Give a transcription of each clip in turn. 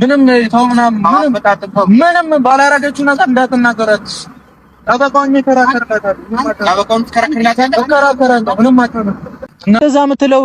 ምንም ተው ምናምን ምንም ባላረገችው ነገር እንዳትናገራት። ጠበቃውን ምንም አትሆንም። እንደዛ የምትለው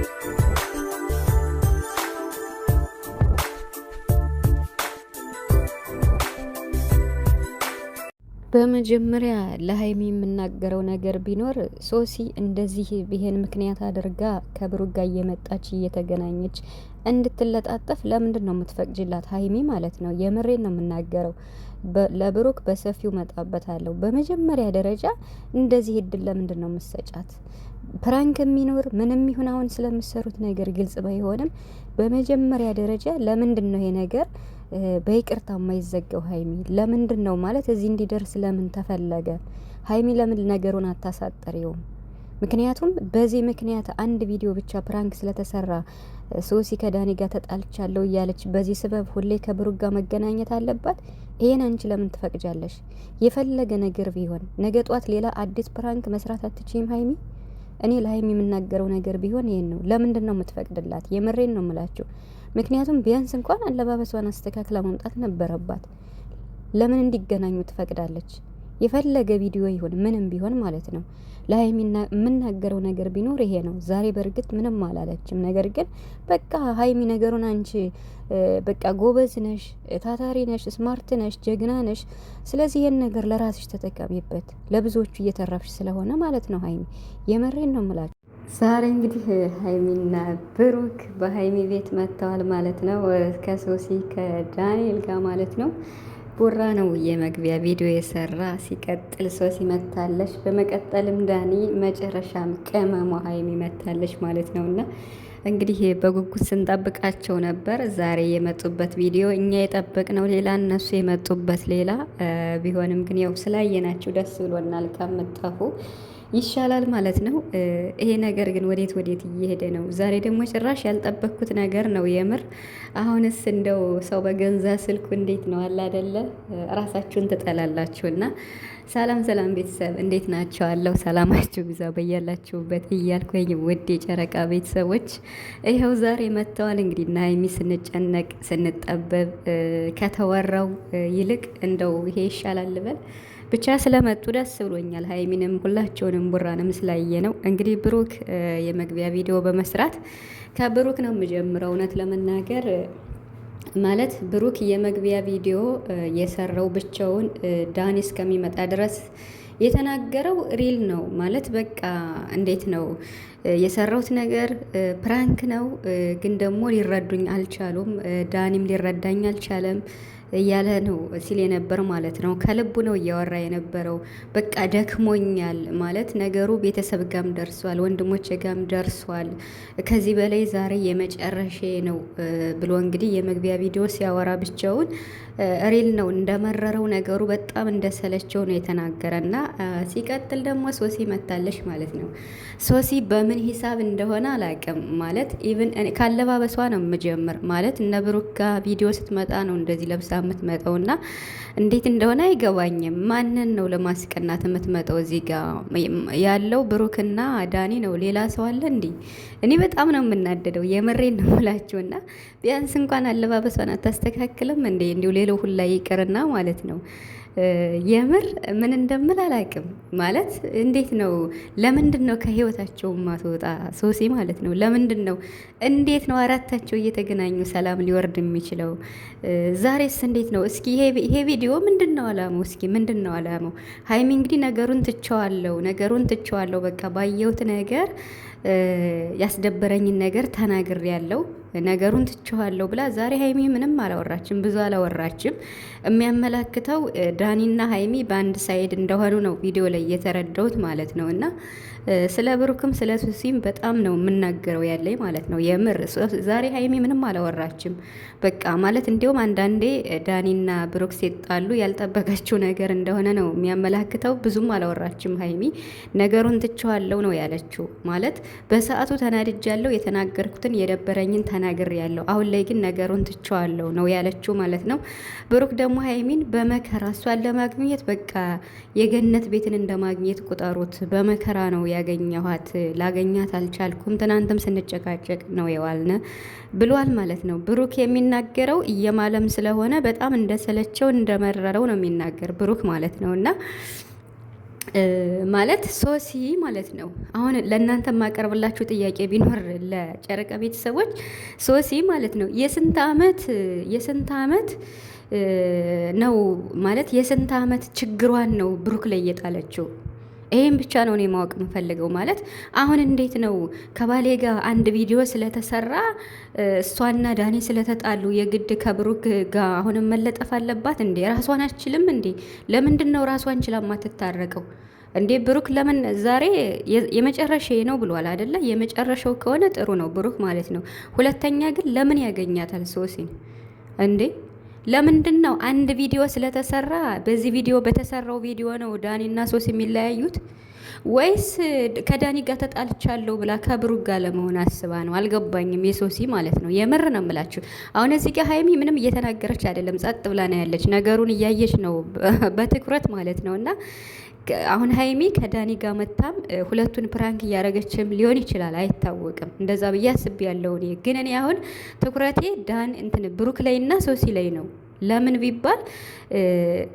በመጀመሪያ ለሀይሚ የምናገረው ነገር ቢኖር ሶሲ እንደዚህ ይሄን ምክንያት አድርጋ ከብሩክ ጋር እየመጣች እየተገናኘች እንድትለጣጠፍ ለምንድን ነው የምትፈቅጅላት? ሀይሚ ማለት ነው። የምሬን ነው የምናገረው። ለብሩክ በሰፊው መጣበታለሁ። በመጀመሪያ ደረጃ እንደዚህ እድል ለምንድን ነው የምትሰጫት? ፕራንክ የሚኖር ምንም ይሁን አሁን ስለምሰሩት ነገር ግልጽ ባይሆንም በመጀመሪያ ደረጃ ለምንድን ነው ይሄ ነገር በይቅርታ የማይዘገው ሀይሚ ለምንድን ነው ማለት እዚህ እንዲደርስ ለምን ተፈለገ? ሀይሚ ለምን ነገሩን አታሳጠሪውም? ምክንያቱም በዚህ ምክንያት አንድ ቪዲዮ ብቻ ፕራንክ ስለተሰራ ሶሲ ከዳኒ ጋር ተጣልቻለሁ እያለች በዚህ ስበብ ሁሌ ከብሩክ ጋር መገናኘት አለባት? ይሄን አንቺ ለምን ትፈቅጃለሽ? የፈለገ ነገር ቢሆን ነገ ጧት ሌላ አዲስ ፕራንክ መስራት አትችም ሀይሚ። እኔ ለሀይሚ የምናገረው ነገር ቢሆን ይሄን ነው። ለምንድን ነው የምትፈቅድላት? የምሬን ነው የምላችሁ። ምክንያቱም ቢያንስ እንኳን አለባበሷን አስተካክላ መምጣት ነበረባት። ለምን እንዲገናኙ ትፈቅዳለች? የፈለገ ቪዲዮ ይሁን ምንም ቢሆን ማለት ነው። ለሀይሚ የምናገረው ነገር ቢኖር ይሄ ነው። ዛሬ በእርግጥ ምንም አላለችም። ነገር ግን በቃ ሀይሚ ነገሩን አንቺ በቃ ጎበዝ ነሽ፣ ታታሪ ነሽ፣ ስማርት ነሽ፣ ጀግና ነሽ። ስለዚህ ይህን ነገር ለራስሽ ተጠቀሚበት፣ ለብዙዎቹ እየተረፍሽ ስለሆነ ማለት ነው። ሀይሚ የመሬን ነው ምላችሁ። ዛሬ እንግዲህ ሀይሚና ብሩክ በሀይሚ ቤት መጥተዋል ማለት ነው። ከሶሲ ከዳንኤል ጋር ማለት ነው። ቦራ ነው የመግቢያ ቪዲዮ የሰራ ሲቀጥል ሶሲ መታለች። በመቀጠልም ዳኒ መጨረሻም ቅመሟ ሀይሚ መታለች ማለት ነው እና እንግዲህ በጉጉት ስንጠብቃቸው ነበር። ዛሬ የመጡበት ቪዲዮ እኛ የጠበቅነው ሌላ፣ እነሱ የመጡበት ሌላ ቢሆንም ግን ያው ስላየናቸው ደስ ብሎናል ከምጠፉ ይሻላል ማለት ነው። ይሄ ነገር ግን ወዴት ወዴት እየሄደ ነው? ዛሬ ደግሞ ጭራሽ ያልጠበኩት ነገር ነው የምር። አሁንስ እንደው ሰው በገንዘብ ስልኩ እንዴት ነው አለ አይደለ? ራሳችሁን ትጠላላችሁና ሰላም ሰላም ቤተሰብ እንዴት ናቸው? አለው ሰላማችሁ ብዛ በያላችሁበት እያልኩኝ ውድ የጨረቃ ቤተሰቦች ይኸው ዛሬ መጥተዋል። እንግዲህ እና ሀይሚ ስንጨነቅ ስንጠበብ ከተወራው ይልቅ እንደው ይሄ ይሻላል ልበል ብቻ ስለመጡ ደስ ብሎኛል። ሀይሚንም ሁላቸውንም ቡራንም ስላየ ነው። እንግዲህ ብሩክ የመግቢያ ቪዲዮ በመስራት ከብሩክ ነው የምጀምረው እውነት ለመናገር ማለት ብሩክ የመግቢያ ቪዲዮ የሰራው ብቻውን ዳኒ እስከሚመጣ ድረስ የተናገረው ሪል ነው ማለት በቃ እንዴት ነው የሰራውት ነገር ፕራንክ ነው፣ ግን ደግሞ ሊረዱኝ አልቻሉም። ዳኒም ሊረዳኝ አልቻለም። እያለ ነው ሲል የነበር ማለት ነው። ከልቡ ነው እያወራ የነበረው። በቃ ደክሞኛል ማለት ነገሩ ቤተሰብ ጋም ደርሷል፣ ወንድሞች ጋም ደርሷል። ከዚህ በላይ ዛሬ የመጨረሻ ነው ብሎ እንግዲህ የመግቢያ ቪዲዮ ሲያወራ ብቻውን ሪል ነው እንደመረረው ነገሩ በጣም እንደሰለቸው ነው የተናገረ እና ሲቀጥል ደግሞ ሶሲ መታለች ማለት ነው። ሶሲ በምን ሂሳብ እንደሆነ አላቅም ማለት ኢቭን ካለባበሷ ነው የምጀምር ማለት እነ ብሩክ ጋ ቪዲዮ ስትመጣ ነው እንደዚህ ለብሳ የምትመጣው እና እንዴት እንደሆነ አይገባኝም። ማንን ነው ለማስቀናት የምትመጣው? እዚህ ጋ ያለው ብሩክና ዳኒ ነው። ሌላ ሰው አለ እንዲ እኔ በጣም ነው የምናደደው። የምሬን ነው ምላችሁና ቢያንስ እንኳን አለባበሷን አታስተካክልም እንዴ እንዲሁ የሚለው ሁላ ይቅርና ማለት ነው። የምር ምን እንደምል አላቅም? ማለት እንዴት ነው? ለምንድን ነው ከህይወታቸው ማትወጣ ሶሲ ማለት ነው? ለምንድን ነው? እንዴት ነው አራታቸው እየተገናኙ ሰላም ሊወርድ የሚችለው? ዛሬስ እንዴት ነው? እስኪ ይሄ ቪዲዮ ምንድን ነው አላማው? እስኪ ምንድን ነው አላማው? ሀይሚ እንግዲህ ነገሩን ትቸዋለው፣ ነገሩን ትቸዋለው። በቃ ባየሁት ነገር ያስደበረኝን ነገር ተናግሬ ያለው ነገሩን ትችኋለሁ ብላ ዛሬ ሀይሚ ምንም አላወራችም፣ ብዙ አላወራችም። የሚያመላክተው ዳኒና ሀይሚ በአንድ ሳይድ እንደሆኑ ነው ቪዲዮ ላይ የተረዳሁት ማለት ነው። እና ስለ ብሩክም ስለ ሱሲም በጣም ነው የምናገረው ያለኝ ማለት ነው። የምር ዛሬ ሀይሚ ምንም አላወራችም። በቃ ማለት እንዲሁም አንዳንዴ ዳኒና ብሩክ ሲጣሉ ያልጠበቀችው ነገር እንደሆነ ነው የሚያመላክተው። ብዙም አላወራችም ሀይሚ ነገሩን ትችኋለሁ ነው ያለችው ማለት በሰዓቱ ተናድጃለሁ፣ የተናገርኩትን የደበረኝን ተናግር ያለው አሁን ላይ ግን ነገሩን ትቸዋለሁ ነው ያለችው ማለት ነው። ብሩክ ደግሞ ሀይሚን በመከራ እሷን ለማግኘት በቃ የገነት ቤትን እንደማግኘት ቁጠሩት። በመከራ ነው ያገኘኋት፣ ላገኛት አልቻልኩም። ትናንትም ስንጨቃጨቅ ነው የዋልነ ብሏል ማለት ነው። ብሩክ የሚናገረው እየማለም ስለሆነ በጣም እንደሰለቸው እንደመረረው ነው የሚናገር ብሩክ ማለት ነው እና ማለት ሶሲ ማለት ነው። አሁን ለእናንተ የማቀርብላችሁ ጥያቄ ቢኖር ለጨረቃ ቤተሰቦች ሶሲ ማለት ነው የስንት አመት የስንት አመት ነው ማለት የስንት አመት ችግሯን ነው ብሩክ ላይ እየጣለችው ይሄን ብቻ ነው እኔ ማወቅ የምፈልገው። ማለት አሁን እንዴት ነው ከባሌ ጋር አንድ ቪዲዮ ስለተሰራ እሷና ዳኒ ስለተጣሉ የግድ ከብሩክ ጋር አሁንም መለጠፍ አለባት እንዴ? ራሷን አችልም እንዴ? ለምንድን ነው ራሷን ችላ ማትታረቀው እንዴ? ብሩክ ለምን ዛሬ የመጨረሻ ነው ብሏል አደለ? የመጨረሻው ከሆነ ጥሩ ነው ብሩክ ማለት ነው። ሁለተኛ ግን ለምን ያገኛታል ሶሲን እንዴ? ለምንድን ነው አንድ ቪዲዮ ስለተሰራ በዚህ ቪዲዮ በተሰራው ቪዲዮ ነው ዳኒና ሶስ የሚለያዩት? ወይስ ከዳኒ ጋር ተጣልቻለሁ ብላ ከብሩክ ጋር ለመሆን አስባ ነው? አልገባኝም። የሶሲ ማለት ነው። የምር ነው የምላችሁ። አሁን እዚህ ጋር ሀይሚ ምንም እየተናገረች አይደለም፣ ጸጥ ብላ ነው ያለች። ነገሩን እያየች ነው በትኩረት ማለት ነው እና አሁን ሀይሚ ከዳኒ ጋር መታም ሁለቱን ፕራንክ እያደረገችም ሊሆን ይችላል፣ አይታወቅም። እንደዛ ብዬ አስቤ ያለው እኔ ግን እኔ አሁን ትኩረቴ ዳን እንትን ብሩክ ላይ እና ሶሲ ላይ ነው። ለምን ቢባል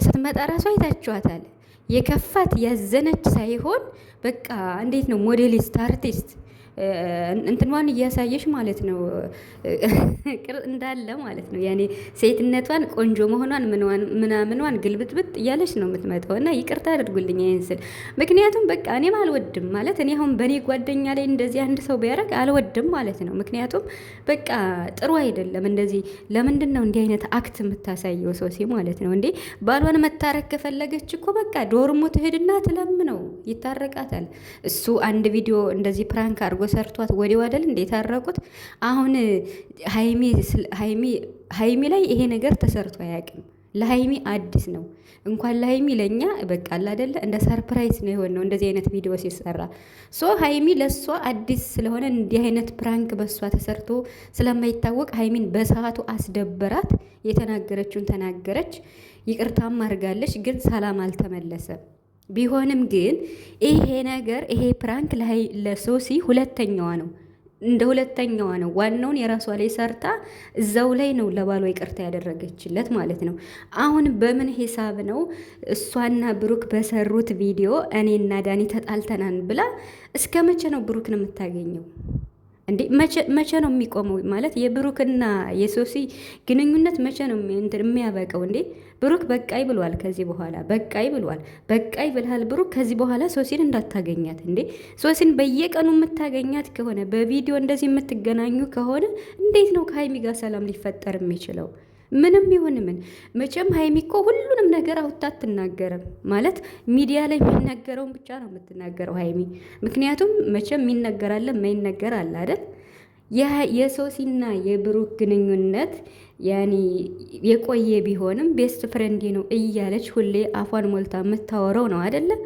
ስትመጣ ራሷ አይታችኋታል። የከፋት ያዘነች ሳይሆን በቃ እንዴት ነው ሞዴሊስት አርቲስት እንትንዋን እያሳየሽ ማለት ነው ቅር እንዳለ ማለት ነው። ያኔ ሴትነቷን ቆንጆ መሆኗን ምናምንዋን ግልብጥብጥ እያለች ነው የምትመጣው። እና ይቅርታ አድርጉልኝ ይህን ስል ምክንያቱም በቃ እኔም አልወድም ማለት እኔ አሁን በእኔ ጓደኛ ላይ እንደዚህ አንድ ሰው ቢያደርግ አልወድም ማለት ነው። ምክንያቱም በቃ ጥሩ አይደለም። እንደዚህ ለምንድን ነው እንዲህ አይነት አክት የምታሳየው ሰው ሲ ማለት ነው እንዴ? ባሏን መታረክ ከፈለገች እኮ በቃ ዶርሞ ትሄድና ትለምነው ይታረቃታል። እሱ አንድ ቪዲዮ እንደዚህ ፕራንክ አድርጎ ሰርቷት ወዲው አይደል እንደ የታረቁት። አሁን ሀይሚ ላይ ይሄ ነገር ተሰርቶ አያውቅም። ለሀይሚ አዲስ ነው። እንኳን ለሀይሚ ለእኛ በቃ አለ አይደለ እንደ ሰርፕራይዝ ነው የሆነው እንደዚህ አይነት ቪዲዮ ሲሰራ። ሶ ሀይሚ ለእሷ አዲስ ስለሆነ እንዲህ አይነት ፕራንክ በእሷ ተሰርቶ ስለማይታወቅ ሀይሚን በሰዓቱ አስደበራት። የተናገረችውን ተናገረች፣ ይቅርታም አድርጋለች። ግን ሰላም አልተመለሰም። ቢሆንም ግን ይሄ ነገር ይሄ ፕራንክ ላይ ለሶሲ ሁለተኛዋ ነው እንደ ሁለተኛዋ ነው። ዋናውን የራሷ ላይ ሰርታ እዛው ላይ ነው ለባሏ ይቅርታ ያደረገችለት ማለት ነው። አሁን በምን ሂሳብ ነው እሷና ብሩክ በሰሩት ቪዲዮ እኔና ዳኒ ተጣልተናን ብላ እስከ መቼ ነው ብሩክን የምታገኘው? እንዴ መቼ ነው የሚቆመው? ማለት የብሩክና የሶሲ ግንኙነት መቼ ነው የሚያበቀው? እንዴ ብሩክ በቃይ ብሏል። ከዚህ በኋላ በቃይ ብሏል። በቃይ ብልሃል ብሩክ። ከዚህ በኋላ ሶሲን እንዳታገኛት። እንዴ ሶሲን በየቀኑ የምታገኛት ከሆነ በቪዲዮ እንደዚህ የምትገናኙ ከሆነ እንዴት ነው ከሀይሚ ጋር ሰላም ሊፈጠር የሚችለው? ምንም ይሁን ምን መቼም ሀይሚ እኮ ሁሉንም ነገር አውጥታ አትናገርም። ማለት ሚዲያ ላይ የሚነገረውን ብቻ ነው የምትናገረው ሀይሚ። ምክንያቱም መቼም የሚነገር አለ የማይነገር አለ አይደል? የሶሲና የብሩክ ግንኙነት ያኔ የቆየ ቢሆንም ቤስት ፍሬንዴ ነው እያለች ሁሌ አፏን ሞልታ የምታወራው ነው አይደለም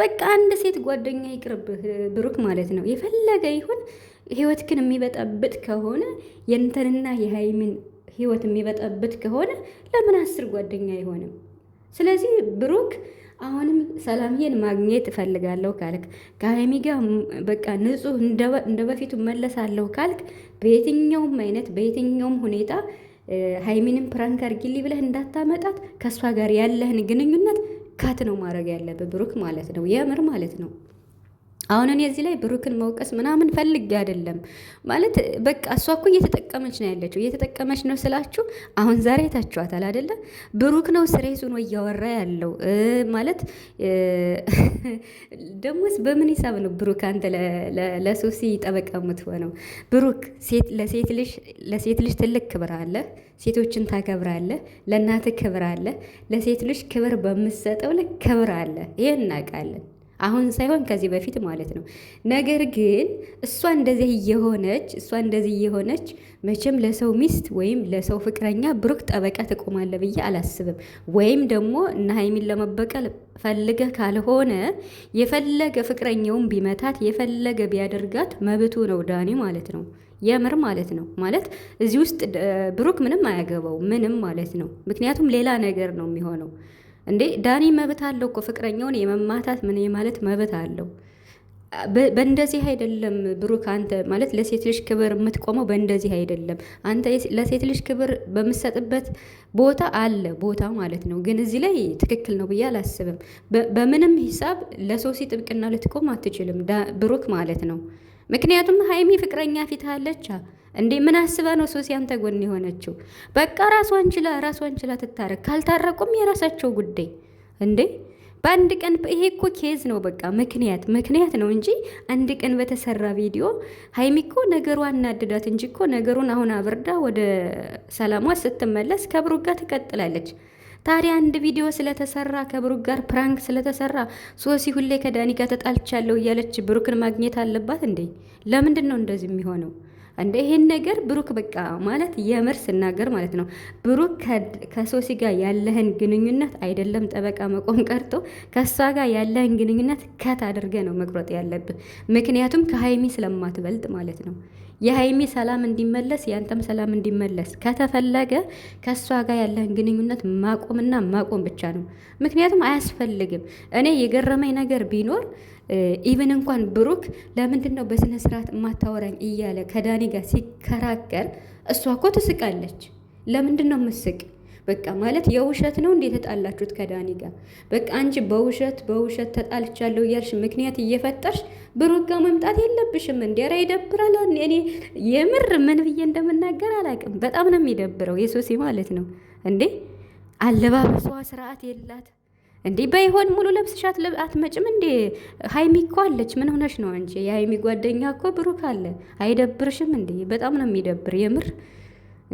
በቃ አንድ ሴት ጓደኛ ይቅርብህ ብሩክ ማለት ነው። የፈለገ ይሁን ህይወትክን ግን ከሆነ የእንተንና የሀይሚን ህይወት የሚበጣበት ከሆነ ለምን አስር ጓደኛ አይሆንም? ስለዚህ ብሩክ አሁንም ሰላምዬን ማግኘት እፈልጋለሁ ካልክ ከሀይሚ ጋር በቃ ንጹህ እንደ በፊቱ መለሳለሁ ካልክ በየትኛውም አይነት በየትኛውም ሁኔታ ሀይሚንም ፕራንክ ጊሊ ብለህ እንዳታመጣት ከእሷ ጋር ያለህን ግንኙነት ካት ነው ማድረግ ያለብህ ብሩክ ማለት ነው። የምር ማለት ነው። አሁን እኔ እዚህ ላይ ብሩክን መውቀስ ምናምን ፈልጌ አይደለም። ማለት በቃ እሷ እኮ እየተጠቀመች ነው ያለችው። እየተጠቀመች ነው ስላችሁ አሁን ዛሬ ታችኋታል አይደለ? ብሩክ ነው ስሬሱን እያወራ ያለው ማለት ደግሞስ በምን ሂሳብ ነው ብሩክ አንተ ለሶሲ ጠበቃ የምትሆነው? ብሩክ ለሴት ልጅ ትልቅ ክብር አለ። ሴቶችን ታከብራለህ። ለእናት ክብር አለ። ለሴት ልጅ ክብር በምሰጠው ልክ ክብር አለ። ይሄን እናውቃለን። አሁን ሳይሆን ከዚህ በፊት ማለት ነው። ነገር ግን እሷ እንደዚህ እየሆነች እሷ እንደዚህ እየሆነች መቼም ለሰው ሚስት ወይም ለሰው ፍቅረኛ ብሩክ ጠበቃ ትቆማለ ብዬ አላስብም። ወይም ደግሞ እነ ሀይሚን ለመበቀል ፈልገ ካልሆነ የፈለገ ፍቅረኛውን ቢመታት የፈለገ ቢያደርጋት መብቱ ነው ዳኒ ማለት ነው። የምር ማለት ነው። ማለት እዚህ ውስጥ ብሩክ ምንም አያገባው ምንም ማለት ነው። ምክንያቱም ሌላ ነገር ነው የሚሆነው እንዴ ዳኒ መብት አለው እኮ ፍቅረኛውን የመማታት ምን የማለት መብት አለው። በእንደዚህ አይደለም ብሩክ፣ አንተ ማለት ለሴት ልጅ ክብር የምትቆመው በእንደዚህ አይደለም። አንተ ለሴት ልጅ ክብር በምሰጥበት ቦታ አለ ቦታ ማለት ነው። ግን እዚህ ላይ ትክክል ነው ብዬ አላስብም። በምንም ሂሳብ ለሶሲ ጥብቅና ልትቆም አትችልም ብሩክ ማለት ነው። ምክንያቱም ሀይሚ ፍቅረኛ ፊት አለች። እንዴ ምን አስበ ነው ሶሲ አንተ ጎን የሆነችው? በቃ ራሷን ችላ ራሷን ችላ ትታረቅ። ካልታረቁም የራሳቸው ጉዳይ እንዴ በአንድ ቀን ይሄ እኮ ኬዝ ነው። በቃ ምክንያት ምክንያት ነው እንጂ አንድ ቀን በተሰራ ቪዲዮ ሀይሚ እኮ ነገሩ አናድዳት እንጂ እኮ ነገሩን አሁን አብርዳ ወደ ሰላሟ ስትመለስ ከብሩ ጋር ትቀጥላለች። ታዲያ አንድ ቪዲዮ ስለተሰራ ከብሩ ጋር ፕራንክ ስለተሰራ ሶሲ ሁሌ ከዳኒ ጋር ተጣልቻለሁ እያለች ብሩክን ማግኘት አለባት እንዴ? ለምንድን ነው እንደዚህ የሚሆነው? እንደ ይሄን ነገር ብሩክ በቃ ማለት የምር ስናገር ማለት ነው ብሩክ ከሶሲ ጋር ያለህን ግንኙነት አይደለም ጠበቃ መቆም ቀርቶ ከእሷ ጋር ያለህን ግንኙነት ከት አድርገህ ነው መቁረጥ ያለብህ። ምክንያቱም ከሀይሚ ስለማትበልጥ ማለት ነው። የሀይሚ ሰላም እንዲመለስ የአንተም ሰላም እንዲመለስ ከተፈለገ ከእሷ ጋር ያለህን ግንኙነት ማቆምና ማቆም ብቻ ነው። ምክንያቱም አያስፈልግም። እኔ የገረመኝ ነገር ቢኖር ኢቨን እንኳን ብሩክ ለምንድን ነው በስነ ስርዓት የማታወራኝ እያለ ከዳኒ ጋር ሲከራከር እሷ እኮ ትስቃለች። ለምንድን ነው ምስቅ? በቃ ማለት የውሸት ነው እንዴ የተጣላችሁት ከዳኒ ጋር? በቃ አንቺ በውሸት በውሸት ተጣልቻለሁ እያልሽ ምክንያት እየፈጠርሽ ብሩክ ጋር መምጣት የለብሽም እንዴ? ኧረ ይደብራል። እኔ የምር ምን ብዬ እንደምናገር አላውቅም። በጣም ነው የሚደብረው የሶሴ ማለት ነው እንዴ አለባበሷ ስርዓት የላት እንዴ በይሆን ሙሉ ለብስሽ አትመጭም እንዴ? ሀይሚ እኮ አለች። ምን ሆነሽ ነው አንቺ? የሀይሚ ጓደኛ እኮ ብሩክ አለ። አይደብርሽም እንዴ? በጣም ነው የሚደብር የምር።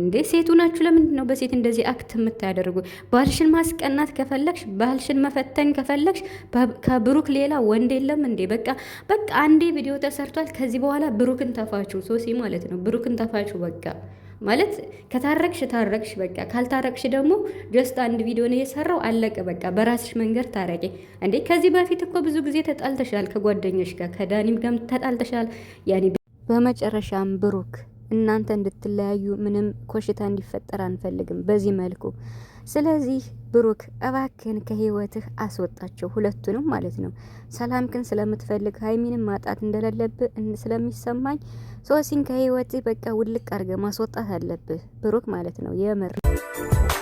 እንዴ ሴቱ ናችሁ። ለምንድን ነው በሴት እንደዚህ አክት የምታደርጉ? ባልሽን ማስቀናት ከፈለግሽ፣ ባልሽን መፈተን ከፈለግሽ ከብሩክ ሌላ ወንድ የለም እንዴ? በቃ በቃ አንዴ ቪዲዮ ተሰርቷል። ከዚህ በኋላ ብሩክን ተፋችሁ፣ ሶሲ ማለት ነው ብሩክን ተፋችሁ በቃ። ማለት ከታረቅሽ ታረቅሽ፣ በቃ ካልታረቅሽ ደግሞ ጀስት አንድ ቪዲዮ ነው የሰራው፣ አለቀ በቃ። በራስሽ መንገድ ታረቂ እንዴ። ከዚህ በፊት እኮ ብዙ ጊዜ ተጣልተሻል፣ ከጓደኞች ጋር ከዳኒም ጋር ተጣልተሻል። ያኔ በመጨረሻም ብሩክ እናንተ እንድትለያዩ ምንም ኮሽታ እንዲፈጠር አንፈልግም በዚህ መልኩ። ስለዚህ ብሩክ እባክን ከህይወትህ አስወጣቸው ሁለቱንም ማለት ነው። ሰላምክን ስለምትፈልግ ሀይሚንም ማጣት እንደሌለብህ ስለሚሰማኝ ሶሲን ከህይወትህ በቃ ውልቅ አድርገህ ማስወጣት አለብህ ብሩክ ማለት ነው የምር